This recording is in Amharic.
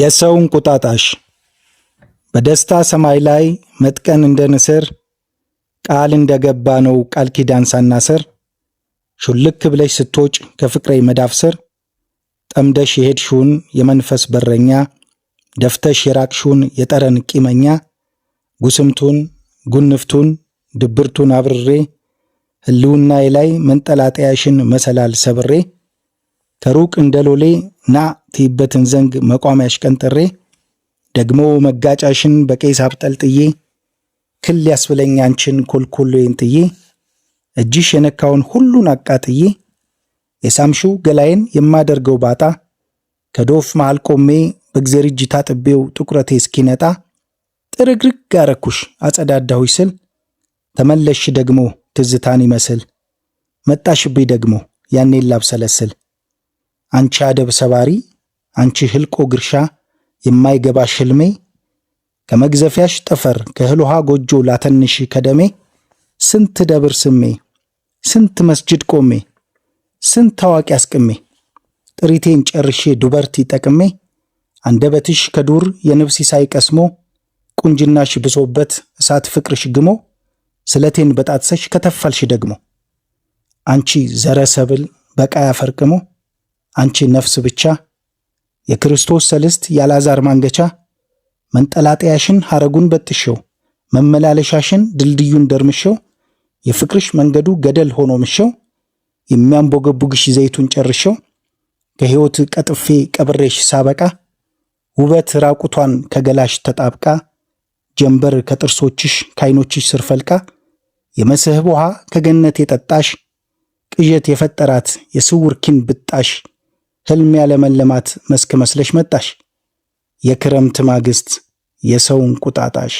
የሰው እንቁጣጣሽ በደስታ ሰማይ ላይ መጥቀን እንደ ንስር ቃል እንደገባ ነው ቃል ኪዳን ሳናስር ሹልክ ብለሽ ስትወጭ ከፍቅሬ መዳፍ ስር ጠምደሽ የሄድሽውን የመንፈስ በረኛ ደፍተሽ የራቅሽውን የጠረን ቂመኛ ጉስምቱን ጉንፍቱን ድብርቱን አብርሬ ሕልውናዬ ላይ መንጠላጠያሽን መሰላል ሰብሬ ከሩቅ እንደ ሎሌ ና ትይበትን ዘንግ መቋሚያሽ ቀንጥሬ ደግሞ መጋጫሽን በቄስ አብጠልጥዬ ክል ያስብለኝ አንቺን ኮልኮሎዬን ጥዬ እጅሽ የነካውን ሁሉን አቃጥዬ የሳምሹ ገላዬን የማደርገው ባጣ ከዶፍ መሃል ቆሜ በእግዜር እጅ ታጥቤው ጥቁረቴ እስኪነጣ ጥርግርግ አረኩሽ አጸዳዳሁሽ ስል ተመለሽ ደግሞ ትዝታን ይመስል መጣሽብኝ ደግሞ ያኔ ላብሰለስል አንቺ አደብ ሰባሪ፣ አንቺ ህልቆ ግርሻ፣ የማይገባ ሽልሜ ከመግዘፊያሽ ጠፈር ከእህል ውሃ ጎጆ ላተንሽ ከደሜ ስንት ደብር ስሜ፣ ስንት መስጅድ ቆሜ፣ ስንት ታዋቂ አስቅሜ ጥሪቴን ጨርሼ ዱበርቲ ጠቅሜ አንደበትሽ ከዱር የንብሲ ሳይ ቀስሞ ቁንጅናሽ ብሶበት እሳት ፍቅርሽ ግሞ ስለቴን በጣጥሰሽ ከተፋልሽ ደግሞ አንቺ ዘረ ሰብል በቃ ያፈርቅሞ አንቺ ነፍስ ብቻ የክርስቶስ ሰልስት ያላዛር ማንገቻ መንጠላጠያሽን ሐረጉን በጥሸው መመላለሻሽን ድልድዩን ደርምሸው የፍቅርሽ መንገዱ ገደል ሆኖ ምሸው የሚያንቦገቡግሽ ዘይቱን ጨርሸው ከሕይወት ቀጥፌ ቀብሬሽ ሳበቃ ውበት ራቁቷን ከገላሽ ተጣብቃ ጀንበር ከጥርሶችሽ ከዓይኖችሽ ስር ፈልቃ የመስህብ ውሃ ከገነት የጠጣሽ ቅዠት የፈጠራት የስውር ኪን ብጣሽ ህልም ያለመለማት መስክ መስለሽ መጣሽ፣ የክረምት ማግስት የሰውን ቁጣጣሽ